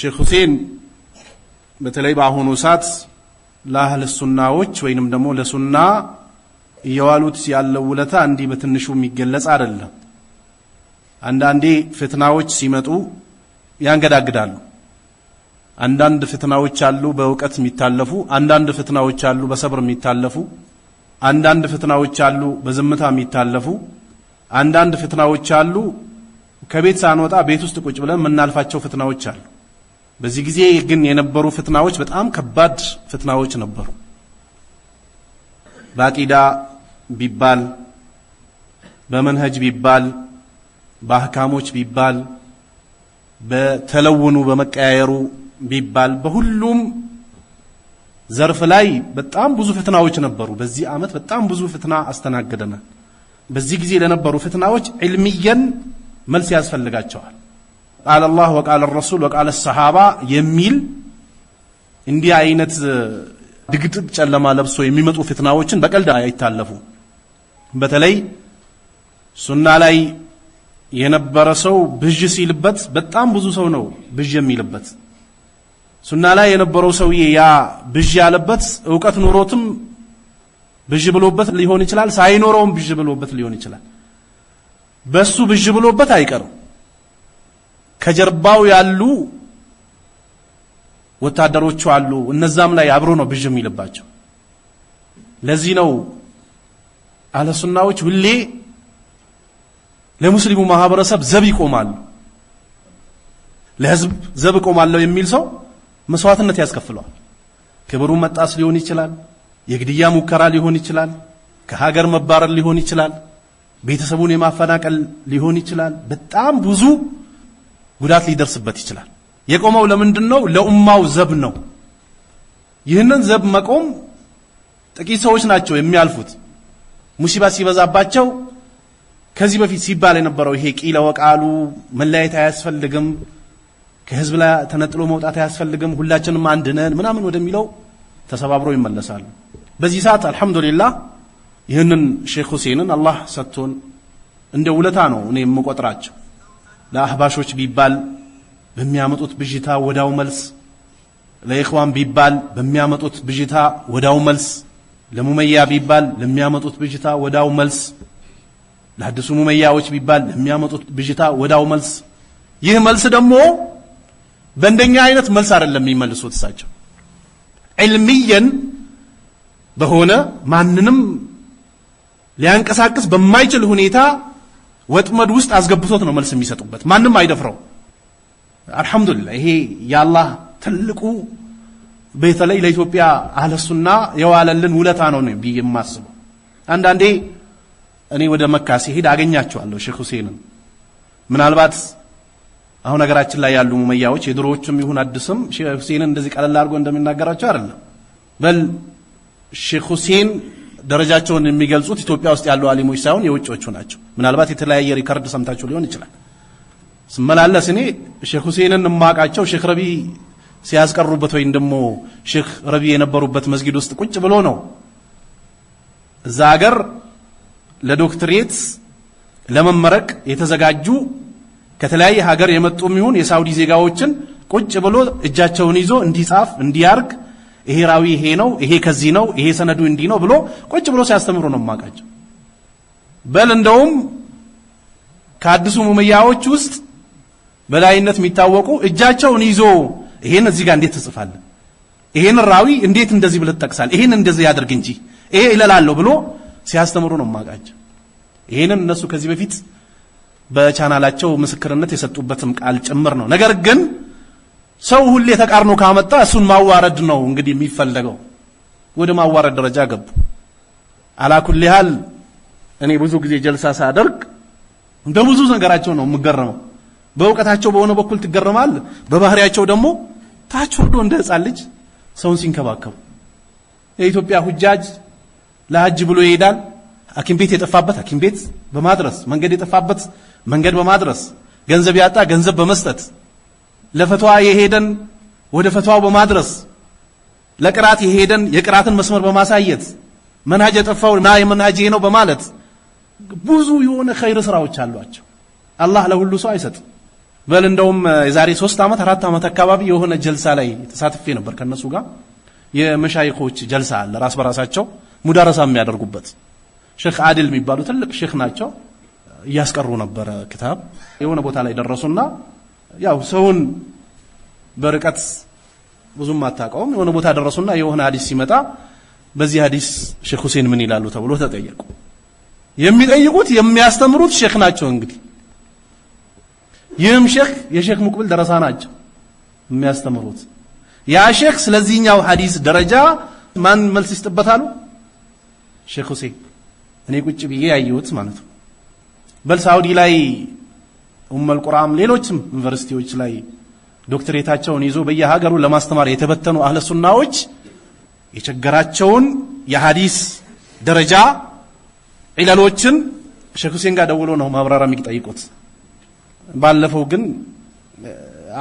ሼክ ሁሴን በተለይ በአሁኑ ሰዓት ለአህል ሱናዎች ወይንም ደግሞ ለሱና እየዋሉት ያለው ውለታ እንዲህ በትንሹ የሚገለጽ አይደለም። አንዳንዴ ፍትናዎች ሲመጡ ያንገዳግዳሉ። አንዳንድ ፍትናዎች አሉ በእውቀት የሚታለፉ፣ አንዳንድ ፍትናዎች አሉ በሰብር የሚታለፉ፣ አንዳንድ ፍትናዎች አሉ በዝምታ የሚታለፉ፣ አንዳንድ ፍትናዎች አሉ ከቤት ሳንወጣ ቤት ውስጥ ቁጭ ብለን የምናልፋቸው ፍትናዎች አሉ። በዚህ ጊዜ ግን የነበሩ ፍትናዎች በጣም ከባድ ፍትናዎች ነበሩ። በአቂዳ ቢባል፣ በመንሀጅ ቢባል፣ በአህካሞች ቢባል፣ በተለውኑ በመቀያየሩ ቢባል በሁሉም ዘርፍ ላይ በጣም ብዙ ፍትናዎች ነበሩ። በዚህ ዓመት በጣም ብዙ ፍትና አስተናግደናል። በዚህ ጊዜ ለነበሩ ፍትናዎች ዕልምየን መልስ ያስፈልጋቸዋል። ቃል አላህ ወቃል ረሱል ወቃለ ሰሃባ የሚል እንዲህ አይነት ድግጥግ ጨለማ ለብሶ የሚመጡ ፍትናዎችን በቀልድ አይታለፉ። በተለይ ሱና ላይ የነበረ ሰው ብዥ ሲልበት በጣም ብዙ ሰው ነው ብዥ የሚልበት። ሱና ላይ የነበረው ሰውዬ ያ ብዥ ያለበት እውቀት ኑሮትም ብዥ ብሎበት ሊሆን ይችላል፣ ሳይኖረውም ብዥ ብሎበት ሊሆን ይችላል። በሱ ብዥ ብሎበት አይቀርም። ከጀርባው ያሉ ወታደሮቹ አሉ። እነዛም ላይ አብሮ ነው ብዥ የሚልባቸው። ለዚህ ነው አለሱናዎች ሁሌ ለሙስሊሙ ማህበረሰብ ዘብ ይቆማሉ። ለህዝብ ዘብ እቆማለሁ የሚል ሰው መስዋዕትነት ያስከፍለዋል። ክብሩ መጣስ ሊሆን ይችላል። የግድያ ሙከራ ሊሆን ይችላል። ከሀገር መባረር ሊሆን ይችላል። ቤተሰቡን የማፈናቀል ሊሆን ይችላል። በጣም ብዙ ጉዳት ሊደርስበት ይችላል። የቆመው ለምንድን ነው? ለኡማው ዘብ ነው። ይህንን ዘብ መቆም ጥቂት ሰዎች ናቸው የሚያልፉት። ሙሲባ ሲበዛባቸው ከዚህ በፊት ሲባል የነበረው ይሄ ቂለ ወቃሉ መለያየት አያስፈልግም፣ ከህዝብ ላይ ተነጥሎ መውጣት አያስፈልግም፣ ሁላችንም አንድ ነን ምናምን ወደሚለው ተሰባብሮ ይመለሳሉ። በዚህ ሰዓት አልሐምዱሊላህ ይህንን ሼክ ሁሴንን አላህ ሰጥቶን እንደ ውለታ ነው እኔ የምቆጥራቸው። ለአህባሾች ቢባል በሚያመጡት ብዥታ ወዳው መልስ፣ ለኢኽዋን ቢባል በሚያመጡት ብዥታ ወዳው መልስ፣ ለሙመያ ቢባል ለሚያመጡት ብዥታ ወዳው መልስ፣ ለአዲሱ ሙመያዎች ቢባል ለሚያመጡት ብዥታ ወዳው መልስ። ይህ መልስ ደግሞ በእንደኛ አይነት መልስ አይደለም የሚመልሱት። እሳቸው ዕልምየን በሆነ ማንንም ሊያንቀሳቅስ በማይችል ሁኔታ ወጥመድ ውስጥ አስገብቶት ነው መልስ የሚሰጡበት። ማንም አይደፍረው። አልሐምዱሊላ ይሄ የአላህ ትልቁ በተለይ ለኢትዮጵያ አህለሱና የዋለልን ውለታ ነው ብዬ የማስበው። አንዳንዴ እኔ ወደ መካ ሲሄድ አገኛቸዋለሁ ሼክ ሁሴንን። ምናልባት አሁን ሀገራችን ላይ ያሉ ሙመያዎች የድሮዎችም ይሁን አዲስም ሼክ ሁሴንን እንደዚህ ቀለል አድርጎ እንደሚናገራቸው አይደለም። በል ሼክ ሁሴን ደረጃቸውን የሚገልጹት ኢትዮጵያ ውስጥ ያሉ አሊሞች ሳይሆን የውጭዎቹ ናቸው። ምናልባት የተለያየ ሪከርድ ሰምታችሁ ሊሆን ይችላል። ስመላለስ እኔ ሼክ ሁሴንን እማቃቸው ሼክ ረቢ ሲያስቀሩበት ወይም ደግሞ ሼክ ረቢ የነበሩበት መስጊድ ውስጥ ቁጭ ብሎ ነው። እዛ ሀገር ለዶክትሬት ለመመረቅ የተዘጋጁ ከተለያየ ሀገር የመጡ የሚሆን የሳውዲ ዜጋዎችን ቁጭ ብሎ እጃቸውን ይዞ እንዲጻፍ እንዲያርግ ይሄ ራዊ ይሄ ነው፣ ይሄ ከዚህ ነው፣ ይሄ ሰነዱ እንዲህ ነው ብሎ ቁጭ ብሎ ሲያስተምሩ ነው የማውቃቸው። በል እንደውም ከአዲሱ ሙመያዎች ውስጥ በላይነት የሚታወቁ እጃቸውን ይዞ ይሄን እዚህ ጋር እንዴት ትጽፋለህ? ይሄን ራዊ እንዴት እንደዚህ ብለ ጠቅሳል ይሄን እንደዚህ ያድርግ እንጂ ይሄ ይለላለሁ ብሎ ሲያስተምሩ ነው የማውቃቸው። ይሄንን እነሱ ከዚህ በፊት በቻናላቸው ምስክርነት የሰጡበትም ቃል ጭምር ነው። ነገር ግን ሰው ሁሌ ተቃርኖ ካመጣ እሱን ማዋረድ ነው እንግዲህ የሚፈለገው። ወደ ማዋረድ ደረጃ ገቡ። አላኩል ያህል እኔ ብዙ ጊዜ ጀልሳ ሳደርግ በብዙ ነገራቸው ነው የምገረመው። በእውቀታቸው በሆነ በኩል ትገረማል፣ በባህሪያቸው ደግሞ ታች ወርዶ እንደ ህፃን ልጅ ሰውን ሲንከባከቡ። የኢትዮጵያ ሁጃጅ ለሀጅ ብሎ ይሄዳል። አኪም ቤት የጠፋበት አኪም ቤት በማድረስ መንገድ የጠፋበት መንገድ በማድረስ ገንዘብ ያጣ ገንዘብ በመስጠት ለፈትዋ የሄደን ወደ ፈትዋው በማድረስ ለቅራት የሄደን የቅራትን መስመር በማሳየት መናጀ የጠፋው ና የመንሃጅ ነው በማለት ብዙ የሆነ ኸይር ስራዎች አሏቸው። አላህ ለሁሉ ሰው አይሰጥም። በል እንደውም የዛሬ ሶስት ዓመት አራት ዓመት አካባቢ የሆነ ጀልሳ ላይ ተሳትፌ ነበር። ከነሱ ጋር የመሻይኮች ጀልሳ አለ፣ ራስ በራሳቸው ሙዳረሳ የሚያደርጉበት ሼክ አድል የሚባሉ ትልቅ ሼክ ናቸው። እያስቀሩ ነበረ ክታብ የሆነ ቦታ ላይ ደረሱና ያው ሰውን በርቀት ብዙም አታውቀውም። የሆነ ቦታ ደረሱና የሆነ ሀዲስ ሲመጣ በዚህ ሀዲስ ሼክ ሁሴን ምን ይላሉ ተብሎ ተጠየቁ። የሚጠይቁት የሚያስተምሩት ሼክ ናቸው። እንግዲህ ይህም ሼክ የሼክ ሙቅብል ደረሳ ናቸው የሚያስተምሩት። ያ ሼክ ስለዚህኛው ሀዲስ ደረጃ ማን መልስ ይስጥበታሉ? ሼክ ሁሴን እኔ ቁጭ ብዬ ያየሁት ማለት ነው። በል ሳውዲ ላይ ኡመል ቁርአም ሌሎችም ዩኒቨርሲቲዎች ላይ ዶክትሬታቸውን ይዞ በየሀገሩ ለማስተማር የተበተኑ አህለ ሱናዎች የቸገራቸውን የሀዲስ ደረጃ ዒለሎችን ሸክ ሁሴን ጋር ደውሎ ነው ማብራሪያ የሚጠይቁት። ባለፈው ግን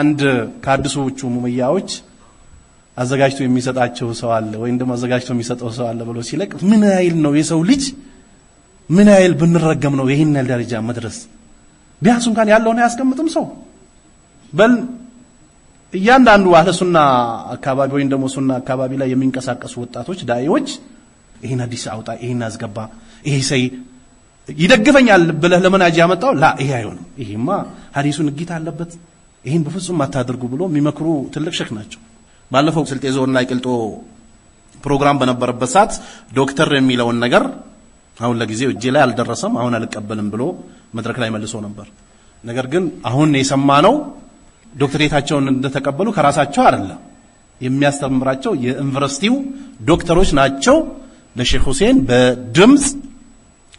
አንድ ከአዲሶቹ ሙመያዎች አዘጋጅቶ የሚሰጣቸው ሰው አለ ወይም ደግሞ አዘጋጅቶ የሚሰጠው ሰው አለ ብሎ ሲለቅ ምን ያህል ነው የሰው ልጅ ምን ያህል ብንረገም ነው ይህን ያህል ደረጃ መድረስ ቢያንስ እንኳን ያለውን አያስቀምጥም ሰው በል እያንዳንዱ አህለ ሱና አካባቢ ወይም ደግሞ ሱና አካባቢ ላይ የሚንቀሳቀሱ ወጣቶች ዳኢዎች ይህን አዲስ አውጣ ይህን አስገባ ይሄ ሰይ ይደግፈኛል ብለህ ለመናጅ ያመጣው ላ ይሄ አይሆንም ይሄማ ሀዲሱን እጊት አለበት ይህን በፍጹም አታደርጉ ብሎ የሚመክሩ ትልቅ ሸክ ናቸው ባለፈው ስልጤ ዞንና ቅልጦ ፕሮግራም በነበረበት ሰዓት ዶክተር የሚለውን ነገር አሁን ለጊዜው እጄ ላይ አልደረሰም አሁን አልቀበልም ብሎ መድረክ ላይ መልሶ ነበር። ነገር ግን አሁን የሰማ ነው ዶክትሬታቸውን እንደተቀበሉ ከራሳቸው አይደለም። የሚያስተምራቸው የዩኒቨርሲቲው ዶክተሮች ናቸው። ለሼክ ሁሴን በድምፅ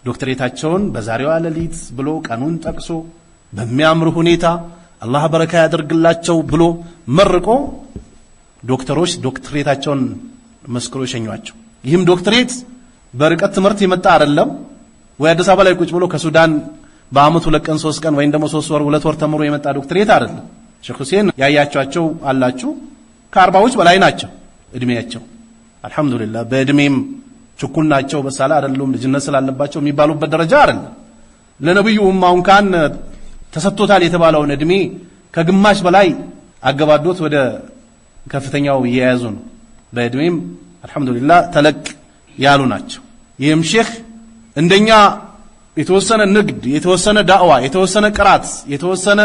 ዶክትሬታቸውን በዛሬዋ ሌሊት ብሎ ቀኑን ጠቅሶ በሚያምር ሁኔታ አላህ በረካ ያደርግላቸው ብሎ መርቆ ዶክተሮች ዶክትሬታቸውን መስክሮ ሸኟቸው ይህም ዶክትሬት በርቀት ትምህርት የመጣ አይደለም ወይ አዲስ አበባ ላይ ቁጭ ብሎ ከሱዳን በአመት ሁለት ቀን ሶስት ቀን ወይም ደግሞ ሶስት ወር ሁለት ወር ተምሮ የመጣ ዶክትሬት አይደለም። ሼክ ሁሴን ያያቸዋቸው አላችሁ ከአርባዎች በላይ ናቸው እድሜያቸው። አልሐምዱሊላህ በእድሜም ችኩል ናቸው፣ በሳላ አይደሉም፣ ልጅነት ስላለባቸው የሚባሉበት ደረጃ አይደለም። ለነብዩ ኡማውን ካን ተሰጥቶታል የተባለውን እድሜ ከግማሽ በላይ አገባዶት ወደ ከፍተኛው እየያዙ ነው። በእድሜም አልሐምዱሊላህ ተለቅ ያሉ ናቸው። ይህም ሼክ እንደኛ የተወሰነ ንግድ፣ የተወሰነ ዳዕዋ፣ የተወሰነ ቅራት፣ የተወሰነ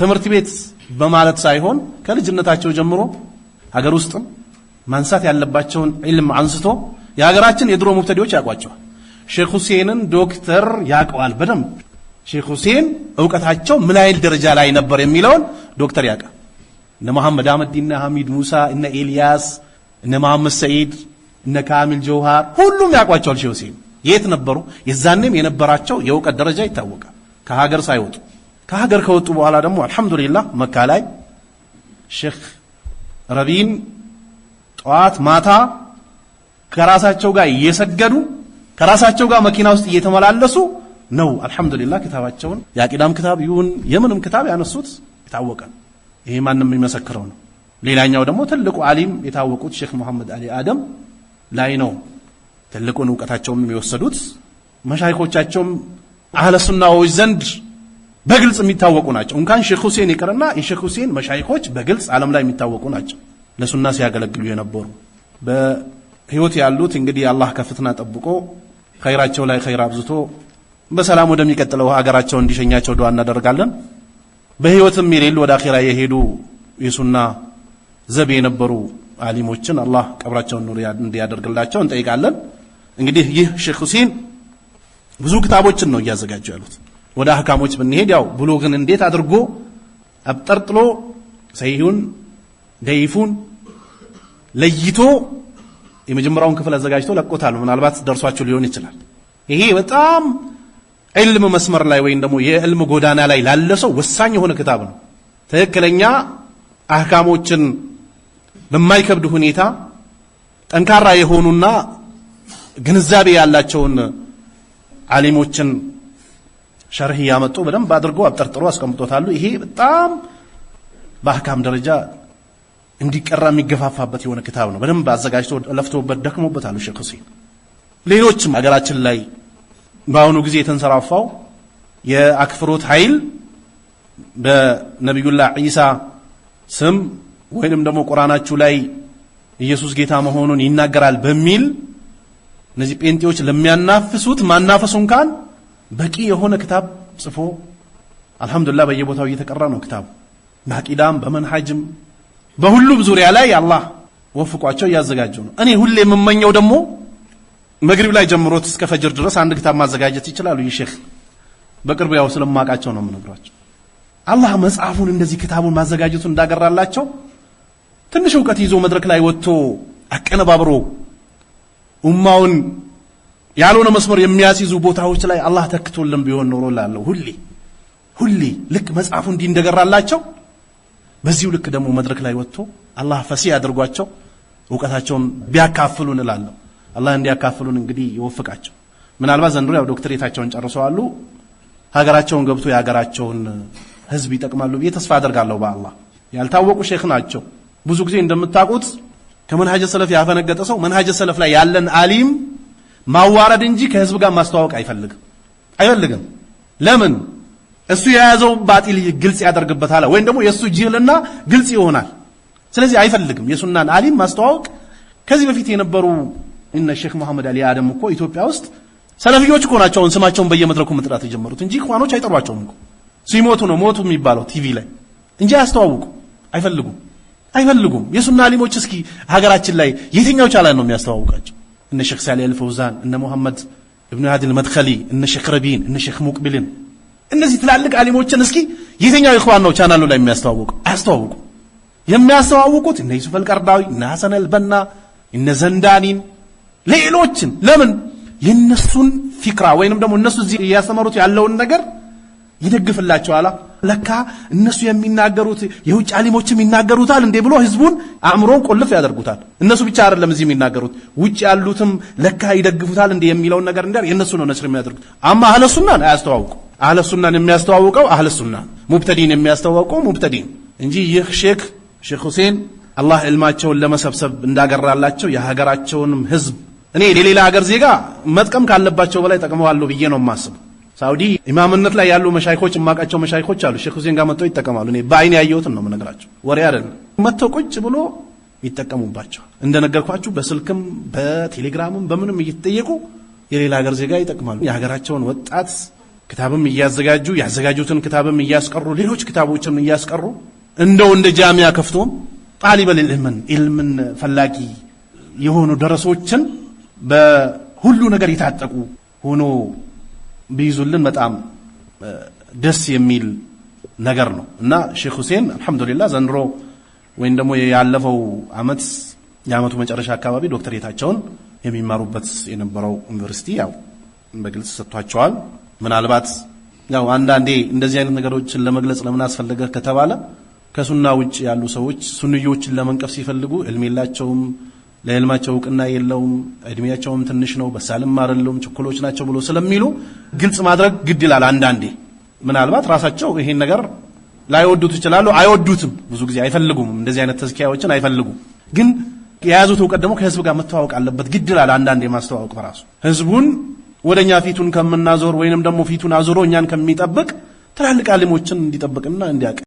ትምህርት ቤት በማለት ሳይሆን ከልጅነታቸው ጀምሮ ሀገር ውስጥም ማንሳት ያለባቸውን ዒልም አንስቶ የሀገራችን የድሮ ሙብተዲዎች ያውቋቸዋል። ሼክ ሁሴንን ዶክተር ያውቀዋል በደንብ ሼክ ሁሴን እውቀታቸው ምን ያህል ደረጃ ላይ ነበር የሚለውን ዶክተር ያውቃል። እነ መሐመድ አህመድ፣ እነ ሐሚድ ሙሳ፣ እነ ኤልያስ፣ እነ መሐመድ ሰዒድ፣ እነ ካሚል ጀውሃር ሁሉም ያውቋቸዋል ሼክ ሁሴን የት ነበሩ? የዛኔም የነበራቸው የእውቀት ደረጃ ይታወቃል። ከሀገር ሳይወጡ ከሀገር ከወጡ በኋላ ደግሞ አልሐምዱሊላህ መካ ላይ ሼክ ረቢን ጠዋት ማታ ከራሳቸው ጋር እየሰገዱ ከራሳቸው ጋር መኪና ውስጥ እየተመላለሱ ነው። አልሐምዱሊላህ ክታባቸውን የአቂዳም ክታብ ይሁን የምንም ክታብ ያነሱት የታወቀ ነው። ይሄ ማንም የሚመሰክረው ነው። ሌላኛው ደግሞ ትልቁ ዓሊም የታወቁት ሼክ መሐመድ አሊ አደም ላይ ነው። ትልቁን እውቀታቸውም የሚወሰዱት መሻይኮቻቸውም አህለ ሱናዎች ዘንድ በግልጽ የሚታወቁ ናቸው። እንኳን ሼክ ሁሴን ይቅርና የሼክ ሁሴን መሻይኮች በግልጽ ዓለም ላይ የሚታወቁ ናቸው። ለሱና ሲያገለግሉ የነበሩ በህይወት ያሉት እንግዲህ አላህ ከፍትና ጠብቆ ኸይራቸው ላይ ኸይር አብዝቶ በሰላም ወደሚቀጥለው ሀገራቸው እንዲሸኛቸው ዱዓ እናደርጋለን። በህይወትም የሌሉ ወደ አኼራ የሄዱ የሱና ዘብ የነበሩ አሊሞችን አላህ ቀብራቸውን ኑር እንዲያደርግላቸው እንጠይቃለን። እንግዲህ ይህ ሼክ ሁሴን ብዙ ክታቦችን ነው እያዘጋጁ ያሉት። ወደ አህካሞች ብንሄድ ያው ብሎግን እንዴት አድርጎ አብጠርጥሎ ሰይሁን ደይፉን ለይቶ የመጀመሪያውን ክፍል አዘጋጅቶ ለቆታሉ ምናልባት ደርሷቸው ሊሆን ይችላል። ይሄ በጣም ዕልም መስመር ላይ ወይም ደግሞ የዕልም ጎዳና ላይ ላለ ሰው ወሳኝ የሆነ ክታብ ነው። ትክክለኛ አህካሞችን በማይከብድ ሁኔታ ጠንካራ የሆኑና ግንዛቤ ያላቸውን ዓሊሞችን ሸርህ እያመጡ በደንብ አድርገው አብጠርጥሮ አስቀምጦታሉ። ይሄ በጣም በአህካም ደረጃ እንዲቀራ የሚገፋፋበት የሆነ ክታብ ነው። በደንብ አዘጋጅቶ ለፍቶበት አሉ ሼክ ሁሴን። ሌሎችም ሀገራችን ላይ በአሁኑ ጊዜ የተንሰራፋው የአክፍሮት ኃይል በነቢዩላህ ዒሳ ስም ወይንም ደግሞ ቁርአናችሁ ላይ ኢየሱስ ጌታ መሆኑን ይናገራል በሚል እነዚህ ጴንጤዎች ለሚያናፍሱት ማናፈሱ እንኳን በቂ የሆነ ክታብ ጽፎ አልሐምዱላ በየቦታው እየተቀራ ነው ክታቡ በአቂዳም በመንሐጅም በሁሉም ዙሪያ ላይ አላህ ወፍቋቸው እያዘጋጀው ነው። እኔ ሁሌ የምመኘው ደግሞ መግሪብ ላይ ጀምሮት እስከ ፈጅር ድረስ አንድ ክታብ ማዘጋጀት ይችላሉ። ይህ ሼክ በቅርቡ ያው ስለማቃቸው ነው የምነግሯቸው። አላህ መጽሐፉን እንደዚህ ክታቡን ማዘጋጀቱን እንዳገራላቸው ትንሽ እውቀት ይዞ መድረክ ላይ ወጥቶ አቀነባብሮ ኡማውን ያልሆነ መስመር የሚያስይዙ ቦታዎች ላይ አላህ ተክቶልን ቢሆን ኖሮ ላለሁ ሁሌ ሁሌ ልክ መጽሐፉ እንዲህ እንደገራላቸው በዚሁ ልክ ደግሞ መድረክ ላይ ወጥቶ አላህ ፈሲ አድርጓቸው እውቀታቸውን ቢያካፍሉን እላለሁ። አላህ እንዲያካፍሉን እንግዲህ ይወፍቃቸው። ምናልባት ዘንድሮ ያው ዶክትሬታቸውን ጨርሰዋሉ። ሀገራቸውን ገብቶ የሀገራቸውን ህዝብ ይጠቅማሉ ብዬ ተስፋ አደርጋለሁ። በአላህ ያልታወቁ ሼክ ናቸው። ብዙ ጊዜ እንደምታውቁት ከመንሃጀ ሰለፍ ያፈነገጠ ሰው መንሃጀ ሰለፍ ላይ ያለን አሊም ማዋረድ እንጂ ከህዝብ ጋር ማስተዋወቅ አይፈልግም አይፈልግም። ለምን እሱ የያዘው ባጢል ግልጽ ያደርግበታል፣ ወይም ደግሞ የእሱ ጅህልና ግልጽ ይሆናል። ስለዚህ አይፈልግም የሱናን አሊም ማስተዋወቅ። ከዚህ በፊት የነበሩ እነ ሼክ መሐመድ አሊ አደም እኮ ኢትዮጵያ ውስጥ ሰለፊዎች እኮ ናቸው ስማቸውን በየመድረኩ መጥራት የጀመሩት እንጂ ኢኽዋኖች አይጠሯቸውም እኮ ሲሞቱ ነው ሞቱ የሚባለው ቲቪ ላይ እንጂ አያስተዋውቁ አይፈልጉም። አይፈልጉም። የሱና አሊሞች እስኪ ሀገራችን ላይ የትኛው ቻላን ነው የሚያስተዋውቃቸው? እነ ሼክ ሳሌህ አልፈውዛን፣ እነ ሙሐመድ እብኑ ሃዲ አልመድኸሊ፣ እነ ሼክ ረቢን፣ እነ ሼክ ሙቅቢልን እነዚህ ትላልቅ አሊሞችን እስኪ የትኛው ኢኽዋን ነው ቻናሉ ላይ የሚያስተዋውቁ? አያስተዋውቁ። የሚያስተዋውቁት እነ ዩሱፍ አልቀርዳዊ፣ እነ ሐሰን አልበና፣ እነ ዘንዳኒን፣ ሌሎችን ለምን የእነሱን ፊክራ ወይንም ደግሞ እነሱ እዚህ እያስተማሩት ያለውን ነገር ይደግፍላቸዋላ። ለካ እነሱ የሚናገሩት የውጭ አሊሞች ይናገሩታል እንዴ ብሎ ህዝቡን አእምሮን ቆልፍ ያደርጉታል። እነሱ ብቻ አይደለም እዚህ የሚናገሩት ውጭ ያሉትም ለካ ይደግፉታል እንዴ የሚለውን ነገር እንዲያር የእነሱ ነው ነስር የሚያደርጉት። አማ አህለ ሱናን አያስተዋውቁ። አህለ ሱናን የሚያስተዋውቀው አህለ ሱና፣ ሙብተዲን የሚያስተዋውቀው ሙብተዲን እንጂ ይህ ሼክ ሼክ ሁሴን አላህ እልማቸውን ለመሰብሰብ እንዳገራላቸው የሀገራቸውንም ህዝብ እኔ የሌላ ሀገር ዜጋ መጥቀም ካለባቸው በላይ ጠቅመዋለሁ ብዬ ነው የማስበው። ሳውዲ ኢማምነት ላይ ያሉ መሻይኮች የማውቃቸው መሻይኮች አሉ። ሼክ ሁሴን ጋር መጥተው ይጠቀማሉ። እኔ በአይን ያየሁትን ነው የምነግራቸው፣ ወሬ አይደለም። መጥተው ቁጭ ብሎ ይጠቀሙባቸዋል እንደነገርኳችሁ በስልክም በቴሌግራምም በምንም እየተጠየቁ የሌላ ሀገር ዜጋ ይጠቅማሉ። የሀገራቸውን ወጣት ክታብም እያዘጋጁ ያዘጋጁትን ክታብም እያስቀሩ ሌሎች ክታቦችም እያስቀሩ እንደው እንደ ጃሚያ ከፍቶም ጣሊበል ልምን ኢልምን ፈላጊ የሆኑ ደረሶችን በሁሉ ነገር የታጠቁ ሆኖ ቢይዙልን በጣም ደስ የሚል ነገር ነው እና ሼክ ሁሴን አልሐምዱሊላ ዘንድሮ ወይም ደግሞ ያለፈው አመት የአመቱ መጨረሻ አካባቢ ዶክተሬታቸውን የሚማሩበት የነበረው ዩኒቨርሲቲ ያው በግልጽ ሰጥቷቸዋል። ምናልባት ያው አንዳንዴ እንደዚህ አይነት ነገሮችን ለመግለጽ ለምን አስፈለገ ከተባለ ከሱና ውጭ ያሉ ሰዎች ሱንዮችን ለመንቀፍ ሲፈልጉ ዕልም የላቸውም። ለዕልማቸው እውቅና የለውም፣ እድሜያቸውም ትንሽ ነው፣ በሳልም አይደሉም፣ ችኩሎች ናቸው ብሎ ስለሚሉ ግልጽ ማድረግ ግድ ይላል። አንዳንዴ ምናልባት ራሳቸው ይሄን ነገር ላይወዱት ይችላሉ። አይወዱትም፣ ብዙ ጊዜ አይፈልጉም፣ እንደዚህ አይነት ተዝኪያዎችን አይፈልጉም። ግን የያዙት እውቀት ደግሞ ከህዝብ ጋር መተዋወቅ አለበት፣ ግድ ይላል። አንዳንዴ ማስተዋወቅ በራሱ ህዝቡን ወደ እኛ ፊቱን ከምናዞር ወይንም ደግሞ ፊቱን አዞሮ እኛን ከሚጠብቅ ትላልቅ አሊሞችን እንዲጠብቅና እንዲያውቅ